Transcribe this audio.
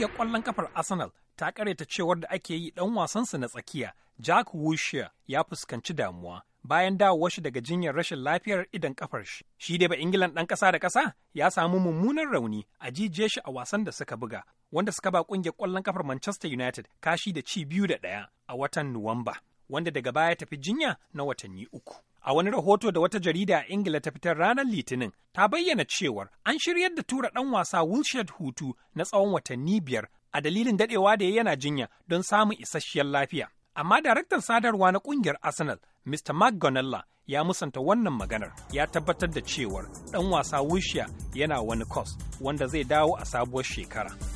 Ƙungiyar ƙwallon kafar Arsenal ta ta cewar da ake yi ɗan wasansa na tsakiya, Jack Wilshere ya fuskanci damuwa bayan dawowar shi daga jinyar rashin lafiyar idan kafar shi. Shi dai ba Ingilan ɗan ƙasa da ƙasa ya samu mummunan rauni a jijiye shi a wasan da suka buga, wanda suka ba ƙungiyar ƙwallon kafar Manchester United kashi da ci biyu da ɗaya a watan Nuwamba, wanda daga baya tafi jinya na watanni uku. A wani rahoto da wata jarida a Ingila ta fitar ranar Litinin ta bayyana cewar an shiryar da tura ɗan wasa Wilshed Hutu na tsawon watanni biyar a dalilin daɗewa da ya yana jinya don samun isasshiyar lafiya. Amma daraktan sadarwa na ƙungiyar Arsenal, Mr. Mark ya musanta wannan maganar ya tabbatar da cewar ɗan wasa Wilshed yana wani kos wanda zai dawo a sabuwar shekara.